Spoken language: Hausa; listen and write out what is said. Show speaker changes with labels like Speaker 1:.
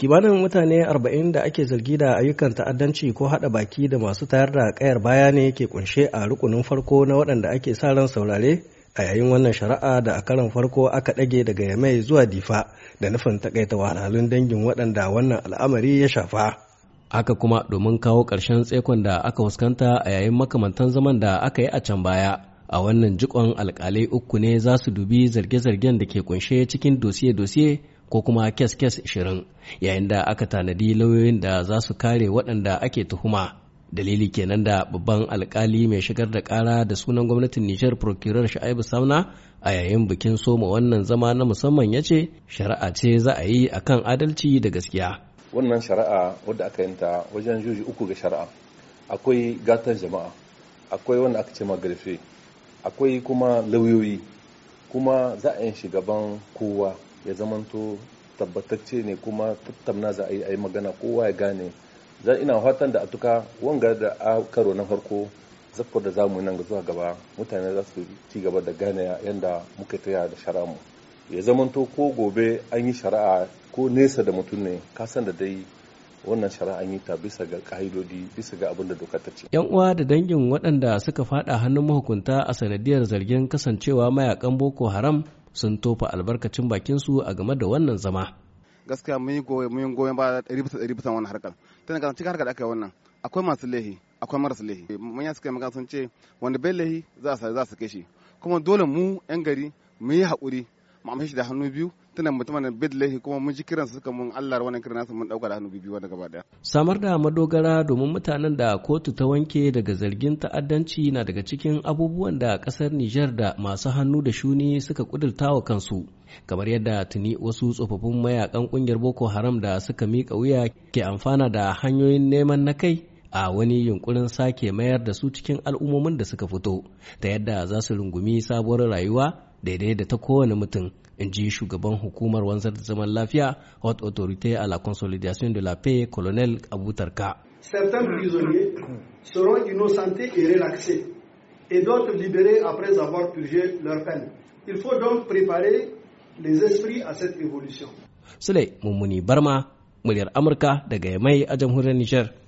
Speaker 1: kimanin mutane 40 da ake zargi da ayyukan ta'addanci ko hada baki da masu tayar da kayar baya ne ke kunshe a rukunin farko na waɗanda ake sa ran saurare a yayin wannan shari'a da a karan farko aka ɗage daga yamai zuwa difa da nufin takaita wahalhalun dangin waɗanda wannan al'amari ya shafa aka kuma domin kawo ƙarshen tsekon da aka fuskanta a yayin makamantan zaman da aka yi a can baya a wannan jikon alkalai uku ne za su dubi zarge-zargen da ke kunshe cikin dosiye-dosiye ko kuma kes-kes ashirin yayin da aka tanadi lauyoyin da za su kare waɗanda ake tuhuma dalili kenan da babban alkali mai shigar da ƙara da sunan gwamnatin nijar prokirar sha'ibu samna a yayin bikin soma wannan zama na musamman ya ce shari'a ce za a yi akan adalci da gaskiya
Speaker 2: wannan shari'a wadda aka yanta wajen juji uku ga shari'a akwai gatan jama'a akwai wanda aka ce magarfe akwai kuma lauyoyi kuma za a yin shugaban kowa ya zamanto tabbatacce ne kuma tattamna za a yi a yi magana kowa ya gane zan ina fatan da a tuka wanga da a karo na farko zakko da zamu nan ga zuwa gaba mutane za su ci gaba da gane yadda muka taya da shara mu. ya zamanto ko gobe an yi shari'a ko nesa da mutum ne ka san da dai wannan shari'a yi ta bisa ga ka'idodi bisa ga abin da doka ta ce. Yan
Speaker 1: uwa da dangin waɗanda suka fada hannun mahukunta a sanadiyar zargin kasancewa mayakan Boko Haram sun tofa albarkacin bakinsu a game da wannan zama.
Speaker 3: Gaskiya mun yi goyon ba ɗari bisa ɗari bisa wannan harkar. Tana kan cikin harkar da aka yi wannan akwai masu lehi akwai marasa lehi. mun suka yi magana sun ce wanda bai lehi za su kai shi. Kuma dole mu 'yan gari mu yi haƙuri mu amshi da hannu biyu tunan mutumin bidlahi kuma mun ji kiransu suka mun Allah wannan kiran nasu mun dauka da hannu biyu wanda gaba daya
Speaker 1: samar da madogara domin mutanen da kotu ta wanke daga zargin ta'addanci na daga cikin abubuwan da kasar Nijar da masu hannu da shuni suka kudurtawa kansu kamar yadda tuni wasu tsofaffin mayakan kungiyar Boko Haram da suka mika wuya ke amfana da hanyoyin neman na kai a wani yunkurin sake mayar da su cikin al'ummomin da suka fito ta yadda za su rungumi sabuwar rayuwa daidai da ta kowane mutum in ji shugaban hukumar wanzar da zaman lafiya haute autorité à la consolidation de la paix colonel abutarka
Speaker 3: certains prisonniers seront innocentés et relaxés et d'autres libérés après avoir purgé leur peine il
Speaker 2: faut donc préparer les esprits à cette évolution
Speaker 1: Sule Mummuni Barma, muryar Amurka daga Yamai a jamhuriyar Nijar.